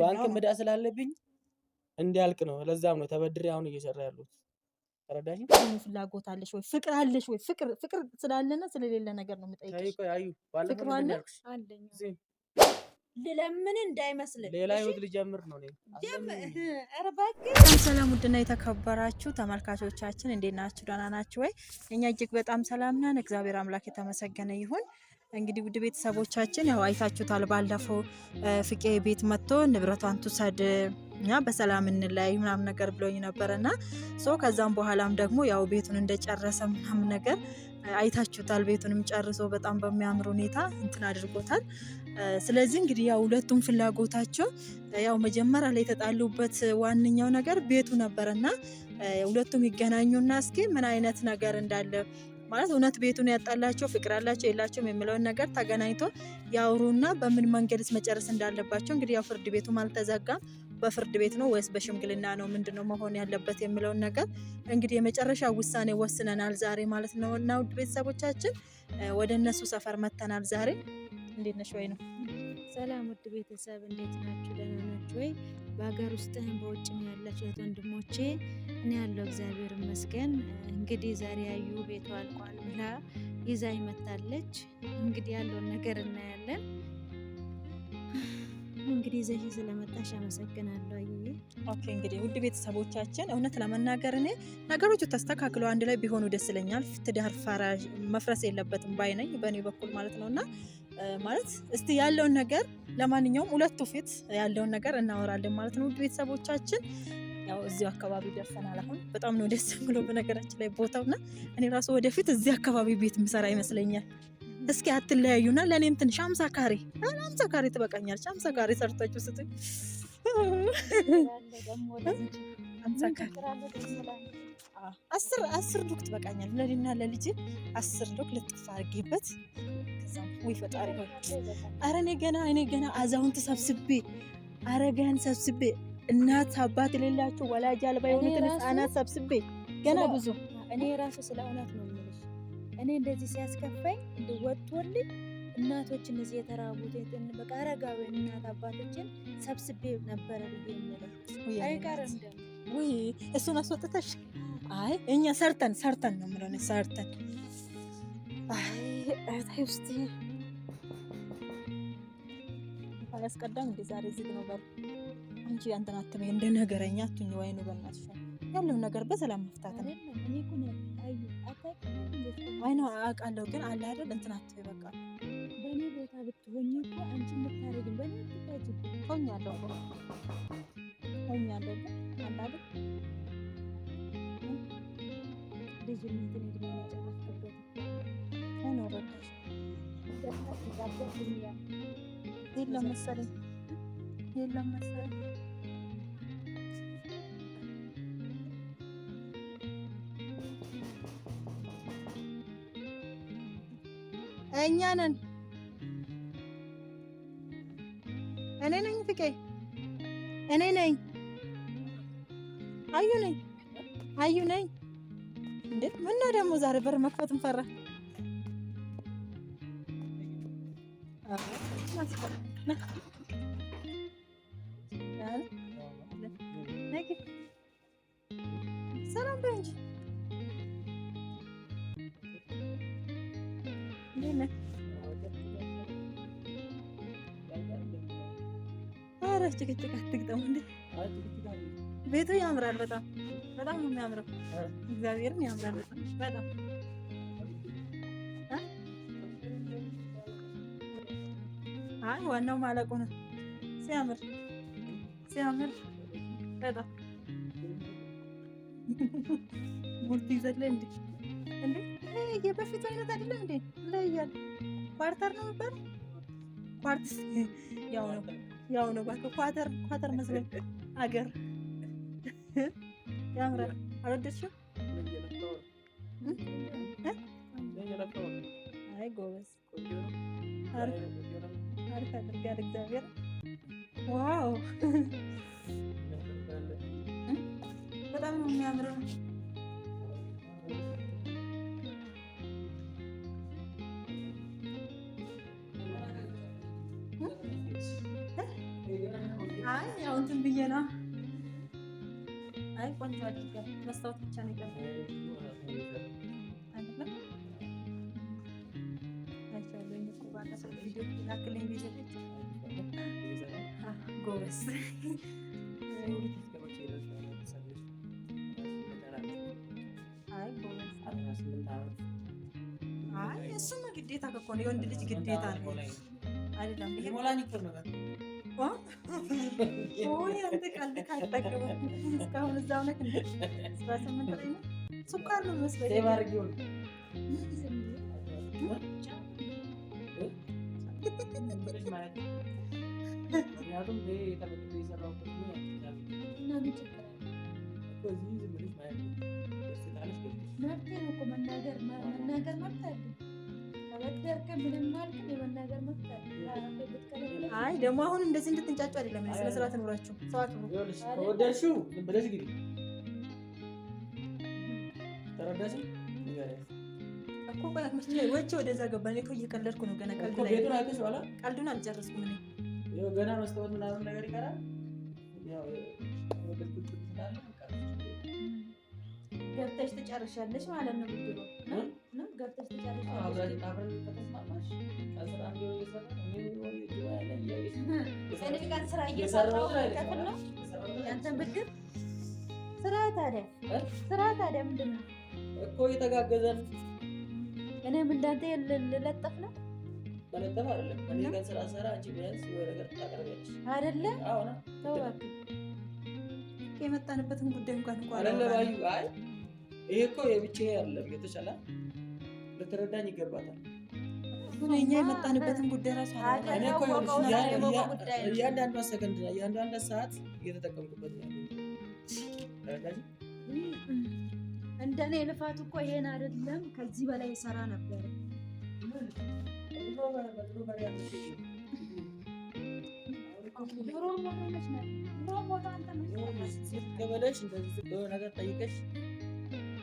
ባንክ ምዳ ስላለብኝ እንዲያልቅ ነው። ለዛም ነው ተበድሬ አሁን እየሰራ ያሉት። ተረዳሽ? ፍላጎት አለሽ ወይ ፍቅር አለሽ ወይ? ፍቅር ፍቅር ስላለና ስለሌለ ነገር ነው የምጠይቅሽ። ፍቅር ሌላ ህይወት ልጀምር ነው። ሰላም ውድና የተከበራችሁ ተመልካቾቻችን እንዴት ናችሁ? ደህና ናችሁ ወይ? እኛ እጅግ በጣም ሰላም ነን። እግዚአብሔር አምላክ የተመሰገነ ይሁን። እንግዲህ ውድ ቤተሰቦቻችን ያው አይታችሁታል። ባለፈው ፍቄ ቤት መጥቶ ንብረቷን ትውሰድ እና በሰላም እንለያይ ምናምን ነገር ብሎኝ ነበረ እና ከዛም በኋላም ደግሞ ያው ቤቱን እንደጨረሰ ምናምን ነገር አይታችሁታል። ቤቱንም ጨርሶ በጣም በሚያምር ሁኔታ እንትን አድርጎታል። ስለዚህ እንግዲህ ያው ሁለቱም ፍላጎታቸው ያው መጀመሪያ ላይ የተጣሉበት ዋነኛው ነገር ቤቱ ነበረና ሁለቱም ይገናኙና እስኪ ምን አይነት ነገር እንዳለ ማለት እውነት ቤቱን ያጣላቸው ፍቅር አላቸው የላቸውም የሚለውን ነገር ተገናኝቶ ያውሩና በምን መንገድስ መጨረስ እንዳለባቸው እንግዲህ ያው ፍርድ ቤቱም አልተዘጋም። በፍርድ ቤት ነው ወይስ በሽምግልና ነው ምንድን ነው መሆን ያለበት የሚለውን ነገር እንግዲህ የመጨረሻ ውሳኔ ወስነናል ዛሬ ማለት ነው። እና ውድ ቤተሰቦቻችን ወደ እነሱ ሰፈር መተናል ዛሬ። እንዴት ነሽ ወይ ነው ሰላም ውድ ቤተሰብ እንዴት ናችሁ? ደህና ናችሁ ወይ? በሀገር ውስጥም በውጭም ያላችሁ እህት ወንድሞቼ እኔ ያለው እግዚአብሔር ይመስገን። እንግዲህ ዛሬ ያዩ ቤቷ አልቋል ብላ ይዛ ይመታለች። እንግዲህ ያለውን ነገር እናያለን። እንግዲህ ዘሽ ስለመጣሽ አመሰግናለሁ። ኦኬ እንግዲህ ውድ ቤተሰቦቻችን እውነት ለመናገር እኔ ነገሮቹ ተስተካክለው አንድ ላይ ቢሆኑ ደስ ይለኛል። ትዳር መፍረስ የለበትም ባይ ነኝ በእኔ በኩል ማለት ነው እና ማለት እስቲ ያለውን ነገር ለማንኛውም ሁለቱ ፊት ያለውን ነገር እናወራለን ማለት ነው። ውድ ቤተሰቦቻችን ያው እዚሁ አካባቢ ደርሰናል። አሁን በጣም ነው ደስ ብሎ በነገራችን ላይ ቦታውና እኔ ራሱ ወደፊት እዚህ አካባቢ ቤት የምሰራ ይመስለኛል። እስኪ አትለያዩና ለእኔም ትንሽ አምሳ ካሬ አምሳ ካሬ ትበቃኛለች። አምሳ ካሬ ሰርታችሁ ስት አስር አስር ዶክ ትበቃኛል። ለኔና ለልጅ አስር ዶክ ልጥፍ አድርጌበት ወይ ፈጣሪ ሆይ፣ አረ እኔ ገና እኔ ገና አዛውንት ሰብስቤ አረጋን ሰብስቤ እናት አባት የሌላቸው ወላጅ አልባ የሆኑትን ህጻናት ሰብስቤ ገና ብዙ እኔ ራሱ ስለ እውነት ነው የምልሽ። እኔ እንደዚህ ሲያስከፋኝ እንድወጥቶልኝ እናቶች እነዚህ የተራቡት በቃ አረጋዊ እናት አባቶችን ሰብስቤ ነበረ ብዬ ይመለ አይቀር እንደ ውይ እሱን አስወጥተሽ አይ እኛ ሰርተን ሰርተን ነው ምለን ሰርተን ውስጥ አያስቀዳም እንዴ? ዛሬ ዝግ ነው በሩ። አንቺ አንተን አትበይ እንደ ነገረኛ አትሁኝ። ወይኑ በእናትሽ ያለው ነገር በሰላም መፍታት ነው። ነው አውቃለሁ፣ ግን አለ አይደል እንትን አትበይ በቃ በእኔ ቦታ ብትሆኝ እኮ አንቺ በእኔ ሆኛለሁ ሆኛለሁ የእናትን እድሜ የለም መሰለኝ የለም መሰለኝ እኛ ነን በር መክፈትም ፈራ። ሰላም በይ እንጂ ኧረ ጭቅጭቅ አትግጠሙ እንዴ! ቤቱ ያምራል። በጣም በጣም ነው የሚያምረው። እግዚአብሔርን ያምራል በጣም ዋናው ማለቁ ነው። ሲያምር ሲያምር በጣም ሙርት ዘለ እንዴ እንዴ የበፊቱ አይነት አይደለ እንዴ ለያል ኳርተር ነው ነበር ኳርትስ ያው ነው ያው ነው ባክ ኳተር ኳተር መስለኝ አገር ያምራል። አልወደድሽው? አይ ጎበዝ ማለት አድርጋል። እግዚአብሔር ዋው! በጣም ነው የሚያምረው። አይ ያው እንትን ብዬ ነው። አይ ቆንጆ አድርጋል። መስታወት ብቻ ነው የቀረው። ልጆች መካከል ሚዘች ጎበስ እሱማ ግዴታ እኮ ነው። የወንድ ልጅ ግዴታ ነው አይደለም? አንተ ቀልድ እስካሁን እዛው ነህ። ስኳር ነው መስሎኝ ምክንያቱም ይሄ ተመልሶ የሰራሁበት ምን እና ምን ችግር እኮ እዚህ ዝም ብለሽ ማለት ነው። ስታነሽ መብት እኮ መናገር መናገር መብት አለ። አይ ደግሞ አሁን እንደዚህ እንድትንጫጩ አይደለም። ስለ ስራ ትኖራችሁ ሰዋት ከወደድሽው ዝም ብለሽ ግቢ። ተረዳሽ እኮ ወቼ ወደዛ ገባ። እየቀለድኩ ነው ገና ቀልዱን አልጨረስኩም። ገና መስታወት ምናምን ነገር ይቀራል። ያው ገብተሽ ትጨርሻለሽ ማለት ነው። ገብተሽ ትጨርሻለሽ። ስራ እየሰራሁ ነው። ያንተን ብድር ስራ ታዲያ ስራ ታዲያ ምንድን ነው እኮ እየተጋገዘን እኔም እንዳንተ ልለጠፍ ነው መለጠፍ አይደለም። የመጣንበትን ጉዳይ እንኳን እንኳን አይ ይሄ እኮ የብቻዬ አይደለም። የተቻለ ልትረዳኝ ይገባታል። እኛ የመጣንበትን ጉዳይ ራሱ እያንዳንዷ ሰከንድ እና እያንዳንዷ ሰዓት እየተጠቀምኩበት ነው። እንደኔ ልፋት እኮ ይሄን አይደለም፣ ከዚህ በላይ ይሰራ ነበር። ከበለሽ እንደዚህ የሆነ ነገር ጠይቀሽ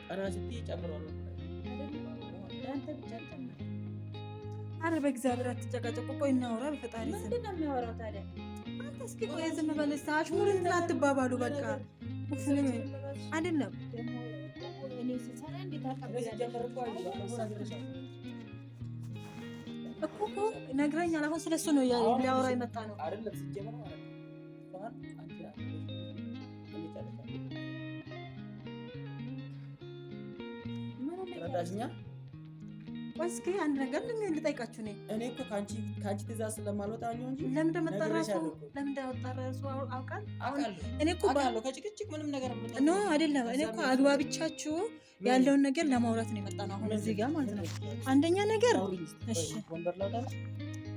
ቀና ስትይ ጨምሯል። አረ በእግዚአብሔር አትጨቃጨቁ። ቆይ እናወራ። በፈጣሪ ስም ነው እስኪ ቆይ ዝም በለሽ። አሽሙርና አትባባሉ። በቃ አይደለም እኮ እኮ ነግረኛል። አሁን ስለሱ ነው ሊያወራ የመጣ ነው። ተረዳሽኛ? ወይስ አንድ ነገር ልጠይቃችሁ ነኝ። እኔ እኮ ከአንቺ ከአንቺ ትእዛዝ ስለማልወጣ ነው እንጂ ለምን እንደመጣራችሁ ለምን እንዳወጣራችሁ አውቃል። እኔ እኮ ባለው ከጭቅጭቅ ምንም ነገር ኖ አይደለም። እኔ እኮ አግባብቻችሁ ያለውን ነገር ለማውራት ነው የመጣ ነው አሁን እዚህ ጋር ማለት ነው። አንደኛ ነገር እሺ፣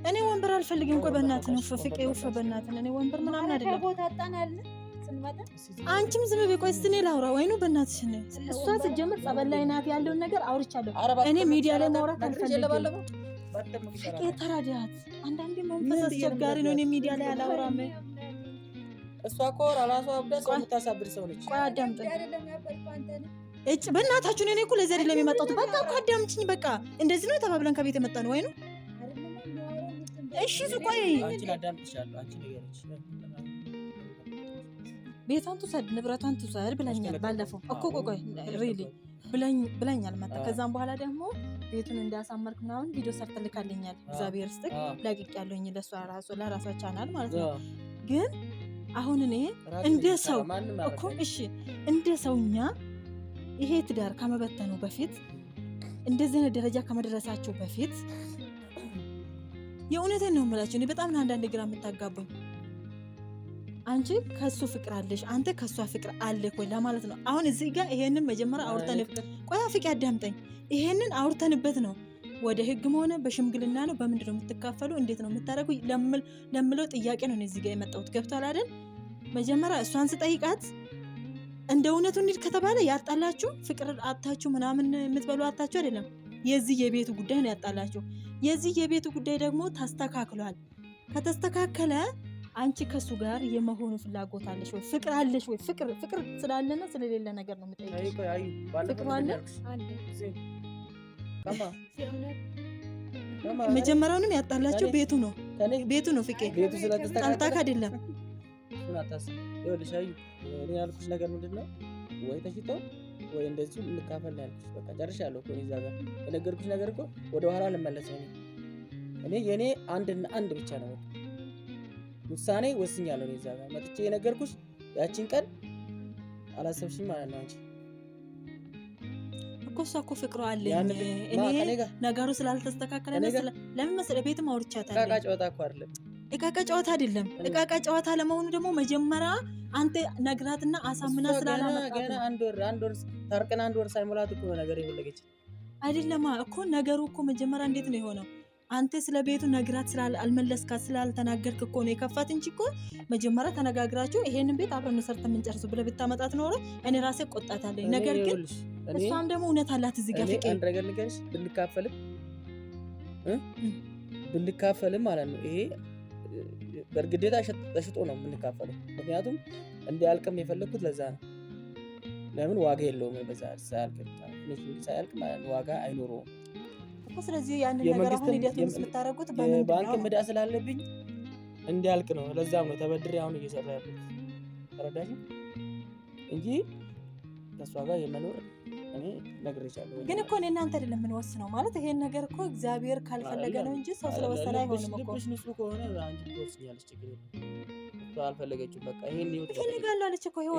እኔ ወንበር አልፈልግም። ቆይ በእናትህ ነው ፍቅሬ፣ ውፈ በእናትህ እኔ ወንበር ምናምን አይደለም አንቺም ዝም በይ ቆይ፣ እስኪ እኔ ላውራ። ነው በእናትሽ ነው እሷ ስትጀምር ጸበል ላይ ናት ያለውን ነገር አውርቻለሁ። እኔ ሚዲያ ላይ ማውራት አልፈልግም። ፍቄ ተራዳት። አንዳንዴ መንፈስ አስቸጋሪ ነው። እኔ ሚዲያ ላይ አላውራም። እሷ እኮ ራሷ ብዳ ሰው የምታሳብድ ሰው ነች። ቆይ አዳምጠኝ እጭ በእናታችሁ እኔ እኮ ለዚህ አይደለም የመጣሁት። በቃ እኮ አዳምጭኝ። በቃ እንደዚህ ነው ተባብለን ከቤት የመጣ ነው ወይ ነው? እሺ ቆይ ቤቷን ትውሰድ ንብረቷን ትውሰድ ብለኛል። ባለፈው እኮ ቆቆይ ሪሊ ብለኛል መጣ። ከዛም በኋላ ደግሞ ቤቱን እንዳያሳመርክ ምናምን ቪዲዮ ሰርትልካለኛል። እግዚአብሔር ስጥቅ ላቂቅ ያለኝ ለእሷ ራሱ ለራሷ ቻናል ማለት ነው። ግን አሁን እኔ እንደ ሰው እኮ እሺ፣ እንደ ሰውኛ ይሄ ትዳር ከመበተኑ በፊት እንደዚህ አይነት ደረጃ ከመድረሳቸው በፊት የእውነትን ነው የምላቸው። እኔ በጣም ነው አንዳንድ ግራ የምታጋባኝ አንቺ ከሱ ፍቅር አለሽ፣ አንተ ከሷ ፍቅር አለህ ወይ ለማለት ነው። አሁን እዚህ ጋር ይሄንን መጀመሪያ አውርተን ቆያ ፍቅ ያዳምጠኝ። ይሄንን አውርተንበት ነው ወደ ህግም ሆነ በሽምግልና ነው በምንድን ነው የምትካፈሉ፣ እንዴት ነው የምታደረጉ ለምለው ጥያቄ ነው እዚህ ጋር የመጣሁት። ገብቷል አይደል? መጀመሪያ እሷን ስጠይቃት እንደ እውነቱ እንሂድ ከተባለ ያጣላችሁ ፍቅር አታችሁ ምናምን የምትበሉ አታችሁ አይደለም። የዚህ የቤቱ ጉዳይ ነው ያጣላችሁ። የዚህ የቤቱ ጉዳይ ደግሞ ተስተካክሏል። ከተስተካከለ አንቺ ከሱ ጋር የመሆኑ ፍላጎት አለሽ ወይ? ፍቅር አለሽ ወይ? ፍቅር ፍቅር ስላለና ስለሌለ ነገር ነው የምጠይቅሽ። ፍቅሩ አለ። መጀመሪያውንም ያጣላቸው ቤቱ ነው ቤቱ ነው ፍቄ ጣልታክ አይደለም። ይኸውልሽ አዩ፣ እኔ ያልኩሽ ነገር ምንድን ነው? ወይ ተሽጦ ወይ እንደዚሁ እንካፈል ያልኩሽ። በቃ ጨርሻለሁ እኮ እዛ ጋር የነገርኩሽ ነገር እኮ ወደኋላ ልመለስ ነው። እኔ የእኔ አንድና አንድ ብቻ ነው ውሳኔ ወስኛለሁ። እኔ እዛ ጋር መጥቼ የነገርኩሽ ያቺን ቀን አላሰብሽም ማለት ነው አንቺ እኮ እሷ እኮ ፍቅሯ አለኝ። እኔ ነገሩ ስላልተስተካከለ ለምን መሰለህ ቤትም አውርቻታለሁ። ዕቃ ጨዋታ እኮ አይደለም፣ ዕቃ ዕቃ ጨዋታ አይደለም። ዕቃ ዕቃ ጨዋታ ለመሆኑ ደግሞ መጀመሪያ አንተ ነግራትና አሳምና ስላላመጣት አንድ ወር አንድ ወር ታርቀን አንድ ወር ሳይሞላት እኮ ነገር የፈለገች አይደለማ እኮ ነገሩ እኮ መጀመሪያ እንዴት ነው የሆነው? አንተ ስለ ቤቱ ነግራት ስላልመለስካት ስላልተናገርክ እኮ ነው የከፋት እንጂ እኮ መጀመሪያ ተነጋግራችሁ ይሄንን ቤት አብረን ሰርተን የምንጨርሱ ብለህ ብታመጣት ኖሮ እኔ ራሴ ቆጣታለኝ። ነገር ግን እሷም ደግሞ እውነት አላት። እዚህ ጋር ፍቄ አንድ ነገር ንገርሽ፣ ብንካፈልም ብንካፈልም ማለት ነው ይሄ በእርግዴታ ተሽጦ ነው የምንካፈለው። ምክንያቱም እንዲያልቅም የፈለግኩት ለዛ ነው። ለምን ዋጋ የለውም። በዛ ሳያልቅ ሳያልቅ ማለት ዋጋ አይኖረውም። ስለዚህ ያንን ነገር አሁን ሂደቱን የምታደርጉት ባንክ ምዳ ስላለብኝ እንዲያልቅ ነው። ለዛም ነው ተበድሬ አሁን እየሰራ ያለሁት ተረዳሽ እንጂ ከእሷ ጋር የመኖር እኔ ነግሬሻለሁ። ግን እኮ እኔ እናንተ አይደለም የምንወስነው ማለት ይሄን ነገር እኮ እግዚአብሔር ካልፈለገ ነው እንጂ ሰው ስለወሰነ አይሆንም እኮ። ልብሽ ንጹህ ከሆነ አንቺ ትወስኛለች ችግር አልፈለገችም። በቃ ይሄን ይፈልጋሉ አለች እኮ ፍቅሩ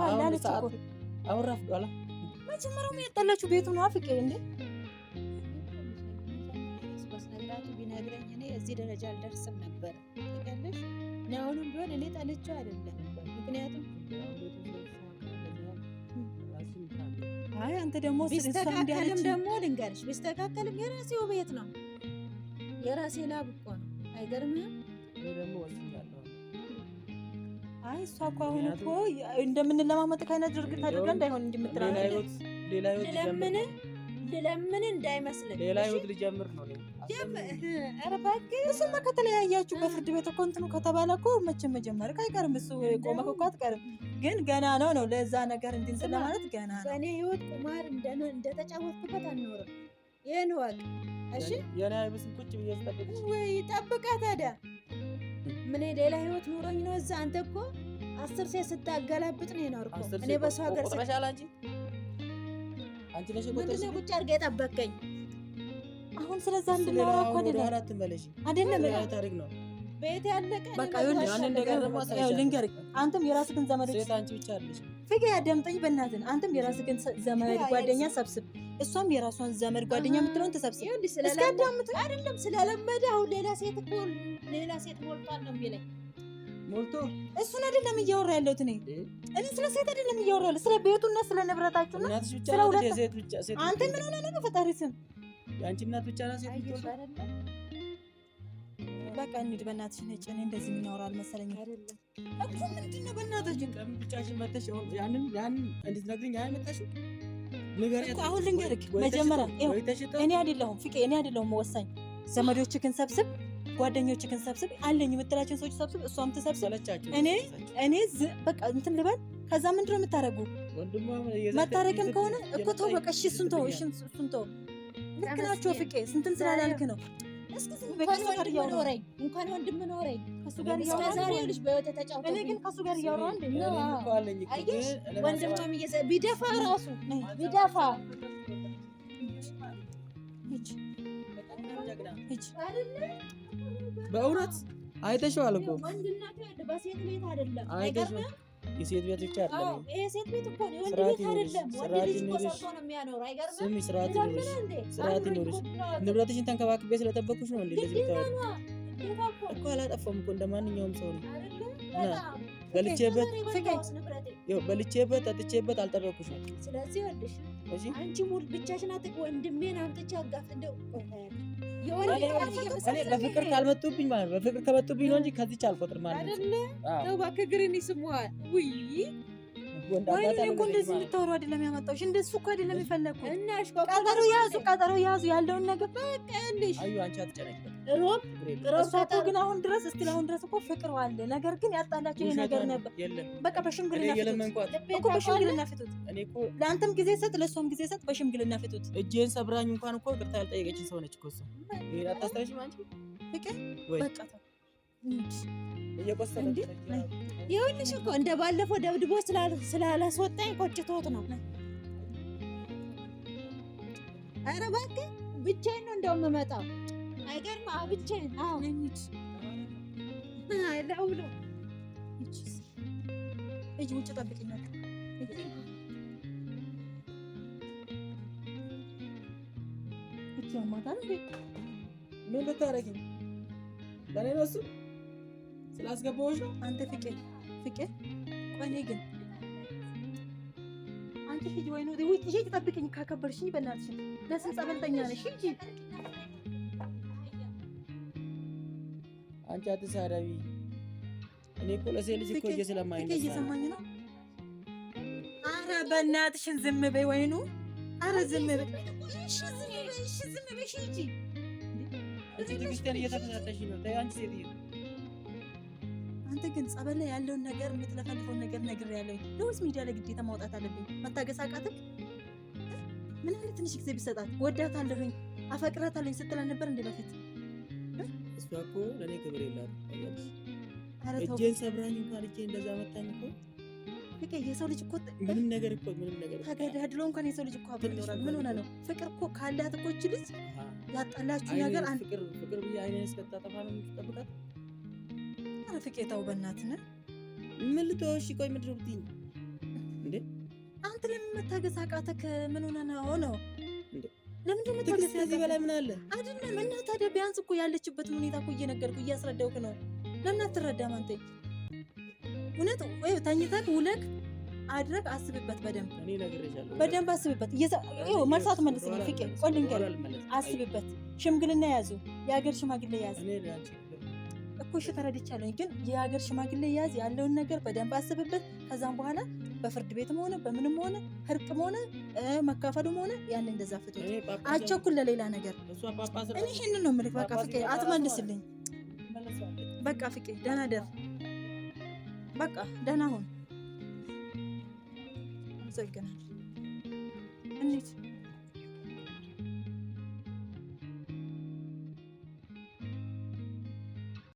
ካለ አለች እኮ አሁን ራፍ ረፍዷል። መጀመሪያውም ያጠላችሁ ቤቱ ነው አፍቄ እንዴ እዚህ ደረጃ አልደርስም ነበር። ታውቂያለሽ አሁንም ቢሆን እኔ ጠልቼው አይደለም። ምክንያቱም አይ አንተ ደግሞ ቢስተካከልም ደግሞ ልንገርሽ፣ ቢስተካከልም የራሴው ቤት ነው የራሴ ላብ እኮ ነው። አይገርምህም? አይ እሷ እኮ አሁን እኮ እንደምንለማመጥ ከአይነት ድርጊት አድርጋ እንዳይሆን እንዲምትራ ለምን ልለምን እንዳይመስልህ ሌላ ህይወት ልጀምር ነው እሱማ ከተለያያችሁ በፍርድ ቤት እኮ እንትኑ ከተባለ እኮ መቼም መጀመር አይቀርም። እሱ ቆመህ እኮ አትቀርም። ግን ገና ነው ነው ለዛ ነገር እንድንስለ ማለት ገና ነው። በእኔ ህይወት ቁማር እንደተጫወትኩበት አልኖርም። ይህን ወቅ እሺ፣ የናይብስን ቁጭ ብዬ ስጠብቅ ወይ ጠብቃ ታዲያ ምን ሌላ ህይወት ኑሮኝ ነው እዛ። አንተ እኮ አስር ሴት ስታገላብጥ ነው የኖርከው። እኔ በሰው ሀገር አንቺ ነሽ ቁጭ አድርገህ የጠበቀኝ አሁን ስለዛ እንድናወራ እኮ አይደለም ነው። ቤት ያለቀ በቃ አንተም የራስህን አንተም ዘመድ ጓደኛ ሰብስብ፣ እሷም የራሷን ዘመድ ጓደኛ የምትለውን ተሰብስብ። አይደለም ስለለመደ አሁን ሌላ ሴት ሌላ ሴት ሞልቷል ነው የሚለኝ ሞልቶ እሱን አይደለም እያወራ ያለሁት እኔ እኔ ስለ ሴት አይደለም እያወራ ያለሁት ስለ ቤቱና ስለ ንብረታችሁና ስለ ሁለት አንተ ምን ሆነ ነው? በፈጣሪ ስም የአንቺ እናት ብቻ ናት ሴት ልጅ በቃ እንሂድ፣ በእናትሽ ነጭ። እኔ እንደዚህ የምናወራ አልመሰለኝ እኮ። ምንድን ነው በእናታችን ቀን ብቻሽን መተሽ ያንን ያንን እንድትነግሪኝ አይመጣሽም? አሁን። ልንገርክ መጀመሪያ እኔ አይደለሁም ፍቄ፣ እኔ አይደለሁም ወሳኝ። ዘመዶችህን ሰብስብ፣ ጓደኞችህን ሰብስብ፣ አለኝ የምትላቸውን ሰዎች ሰብስብ፣ እሷም ትሰብስብ። እኔ እኔ በቃ እንትን ልበል። ከዛ ምንድን ነው የምታደርጉ? መታረቅም ከሆነ እኮ ተው በቃ። እሺ እሱን ተው፣ እሱን ተው ልክ ናቸው ፍቄ ስንትን ስላላልክ ነው። እንኳን ወንድም ኖረኝ እንኳን ወንድም ኖረኝ ከሱ ጋር ቢደፋ ራሱ ቢደፋ በእውነት አይተሽዋል እኮ የሴት ቤት ብቻ አይደለም። ይሄ ሴት ቤት እኮ ነው፣ ወንድ ቤት አይደለም። ወንድ ልጅ እኮ ሰርቶ ነው የሚያኖር። አይገርምም? ስሚ፣ ስርዓት ይኖርሽ፣ ስርዓት ይኖርሽ። ንብረትሽን ተንከባክቤ ስለጠበቅኩሽ ነው እንዴ እንደዚህ ብታወሪ እኮ። አላጠፋም እኮ እንደማንኛውም ሰው ነው በልቼበት በልቼበት ጠጥቼበት አልጠበቅኩሽም። ስለዚህ ይኸውልሽ፣ አንቺ ሙድ ብቻሽን አትቅ ወንድሜን አምጥቼ አጋፍ እንደው እኔ በፍቅር ካልመጡብኝ ማለት ነው። በፍቅር ከመጡብኝ ነው እንጂ ከዚህ አልቆጥርም ማለት ነው። እንደዚህ እንድታወሩ አይደለም ያመጣሁሽ። እንደሱ እኮ አይደለም የፈለግኩት። ቀጠሮ ያዙ፣ ቀጠሮ ያዙ። ያለውን ነገር በቃ ሮብ እሷ ግን አሁን ድረስ እስቲል አሁን ድረስ እኮ ፍቅር አለ። ነገር ግን ያጣላቸው ይሄ ነገር ነበር። በቃ በሽምግልና ፍቱት ለአንተም ጊዜ ሰጥ፣ ለእሷም ጊዜ ሰጥ፣ በሽምግልና ፍቱት። እጄን ሰብራኝ እንኳን እኮ ቅርታ ያልጠየቀችን ሰው ነች ይኸውልሽ እኮ እንደ ባለፈው ደብድቦ ስላላስወጣኝ ቆጭቶት ነው። ኧረ እባክህ ብቻዬን ነው እንደውም የምመጣው አይገርም? ብቻዬን ለውሎ እጅ ውጭ ጠብቂኝ። ያማታል እንዴ? ምን ብታረጊ? ለእኔ ነው እሱ ስላስገባዎች ነው። አንተ ፍቄ ፍቄ፣ ቆይ ግን አንቺ ሂጂ ወይ ነው። ሂጂ፣ ጠብቂኝ። ካከበርሽኝ በእናትሽ ለስንት ጸበልተኛ ነሽ? ሂጂ አንቺ አትሳዳቢ። እኔ እኮ ለሴት ልጅ እኮ እየሰማኝ ነው። አረ በእናትሽን ዝም በይ ወይኑ። አረ ዝም በይ እሺ፣ ዝም በይ እሺ፣ ዝም በይ እሺ። እንጂ እዚህ ቤተክርስቲያን እየተፈታተሽ ነው። ተይ አንቺ ሴትዬ አንተ ግን ጸበል ላይ ያለውን ነገር የምትለፈልፈውን ነገር ነገር ያለኝ ለውዝ ሚዲያ ላይ ግዴታ ማውጣት አለብኝ። መታገስ አቃትክ? ምን አይነት ትንሽ ጊዜ ቢሰጣት ወዳታለሁኝ፣ አፈቅራታለሁኝ ስትለን ነበር እንደ በፊት እሷ እኮ ለእኔ ክብር የላት እጄን ሰብራኝ እንኳን እጄ እንደዛ መታኝ እኮ ፍቅር የሰው ልጅ እኮ ምንም ነገር እኮ ምንም ነገር ተገዳድሎ እንኳን የሰው ልጅ እኮ አብሮ ይኖራል። ምን ሆነ ነው ፍቅር እኮ ካላት እኮ እች ልጅ ያጣላችሁ ነገር አንድ ፍቅር ፍቅር ብዬ አይኔን እስከታጠፋ ነው የምትጠብቃት? አረ ፍቄ ተው በእናትህ ነህ። ምን ልተወው? እሺ ቆይ ምድር ብትይኝ እንዴ አንተ ለምን መታገስ አቃተህ? ምን ሆነ ነው ነው ለምንድን ነው ከዚህ በላይ ምን አለ አይደለም? እና ታዲያ ቢያንስ እኮ ያለችበት ሁኔታ እኮ እየነገርኩ እያስረዳውክ ነው። ለምን አትረዳም አንተ? እውነት ወይ ተኝተህ ውለህ አድረግ አስብበት፣ በደንብ በደንብ አስብበት። መልሳት መልስ ፍቄ ቆልኝ፣ አስብበት። ሽምግልና ያዙ፣ የሀገር ሽማግሌ ያዝ እኮ እሺ፣ ተረድቻለሁ። ግን የሀገር ሽማግሌ ያዝ፣ ያለውን ነገር በደንብ አስብበት። ከዛም በኋላ በፍርድ ቤትም ሆነ በምንም ሆነ እርቅም ሆነ መካፈሉም ሆነ ያን እንደዛ ፍቶ አቸኩል ለሌላ ነገር እኔ ይህንን ነው የምልህ። በቃ ፍቄ አትመልስልኝ። በቃ ፍቄ ደህና ደር በቃ ደህና ሁን። አመሰግናለሁ። እንዴት